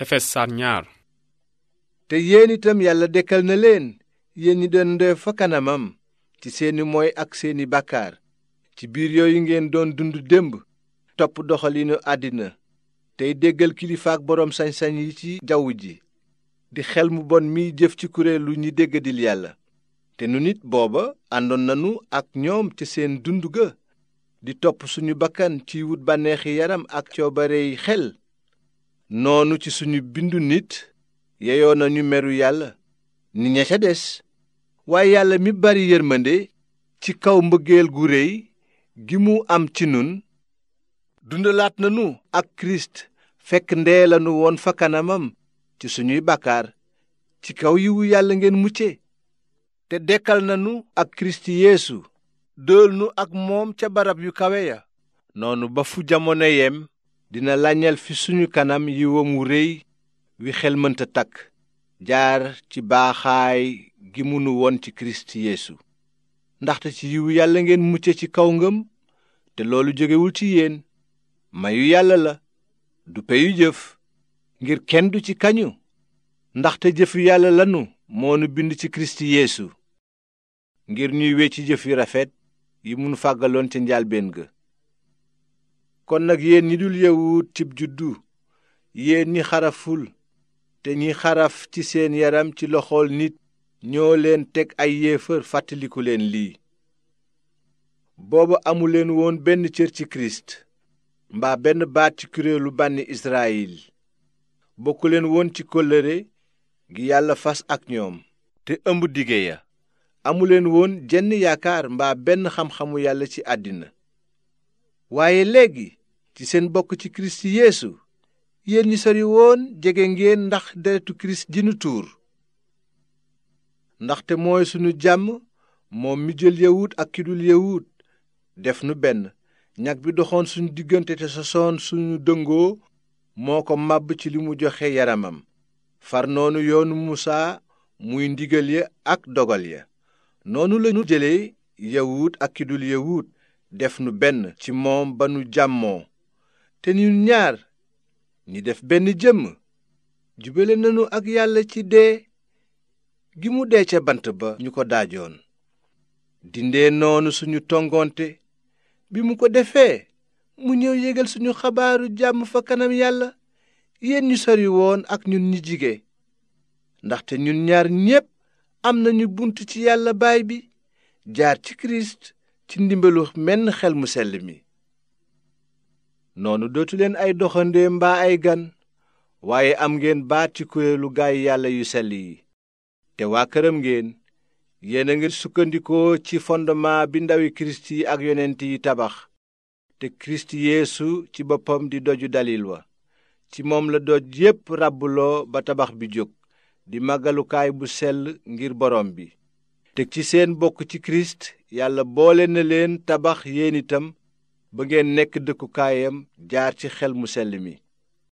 Efes sar ñaar te yéen itam yàlla dekkal na leen yéen ñi doon dee fa kanamam ci seeni mooy ak seeni bàkkaar ci biir yooyu ngeen doon dund démb topp doxalinu àddina tey déggal kilifaak boroom sañ-sañ yi ci jaww ji di xel mu bon miy jëf ci kuréelu ñi déggadil yàlla te nu nit booba àndoon nanu ak ñoom ci seen dund ga di topp suñu bakkan ci wut bànneexi yaram ak coobarey xel noonu ci suñu bindu nit yeyoo nañu meru yàlla ni ña ca des waaye yàlla mi bari yërmande ci kaw mbëggeel gu réy gi mu am ci nun dundalaat nanu ak kirist fekk ndee lanu woon fa kanamam ci suñuy bàkkaar ci kaw yiwu yàlla ngeen mucce te dekkal nanu ak kirist yéesu dëel nu ak moom ca barab yu kawe ya noonu ba fu jamono yem dina laññal fi suñu kanam yiwam wu rëy wi xel mënta takk jaar ci baaxaay gi mënu won ci kirist yéesu ndaxte ci yiwu yàlla ngeen mucce ci kaw ngëm te loolu jógewul ci yéen mayu yàlla la du peyu jëf ngir kenn du ci kañu ndaxte jëfu yàlla lanu moonu bind ci kirist yeesu ngir ñuy ci jëf yu rafet yi mënu fàggaloon ca njaalbeen ga kon nag yéen ñi dul yawut cib juddu yéen ñi xaraful te ñi xaraf ci seen yaram ci loxool nit ñoo leen teg ay yéefar fàttaliku leen lii booba amuleen woon benn cër ci kirist mbaa benn baat ci kuréelu bànni israyil bokkuleen woon ci kóllëre gi yàlla fas ak ñoom te ëmb dige ya amuleen woon jenn yaakaar mbaa benn xam-xamu yàlla ci àddina waaye léegi ci seen bokk ci kirist yéesu yéen ñi sori woon jege ngeen ndax deretu kirist ji nu tuur ndaxte mooy sunu jàmm moom mi jël yawut ak ki dul yawut def nu benn ñag bi doxoon suñu diggante te sosoon suñu dëngoo moo ko màbb ci li mu joxe yaramam far noonu yoonu musaa muy ndigal ya ak dogal ya noonu lañu jële yawut ak ki dul yawut def nu benn ci moom ba nu jàmmoo te ñun ñaar ñi def benn jëmm jubale nañu ak yàlla ci dee gi mu dee ca bant ba ñu ko daajoon dindee noonu suñu tongoonte bi mu ko defee mu ñëw yégal suñu xabaaru jàmm fa kanam yàlla yéen ñu sori woon ak ñun ñi jige ndaxte ñun ñaar ñépp am nañu bunt ci yàlla baay bi jaar ci kirist ci ndimbalu menn xel mu sell mi noonu dootu leen ay doxandéem mbaa ay gan waaye am ngeen baat ci kuréelu gaay yàlla yu sell yi te waa këram ngeen yéen a ngir sukkandikoo ci fondement bi ndawi kirist yi ak yonent yi tabax te kirist yeesu ci boppam di doju dalil wa ci moom la doj yépp ràbbuloo ba tabax bi jóg di màggalukaay bu sell ngir borom bi te ci seen bokk ci kirist yàlla boole na leen tabax yéen itam ba ngeen nekk dëkkukaayam jaar ci xel mu selli mi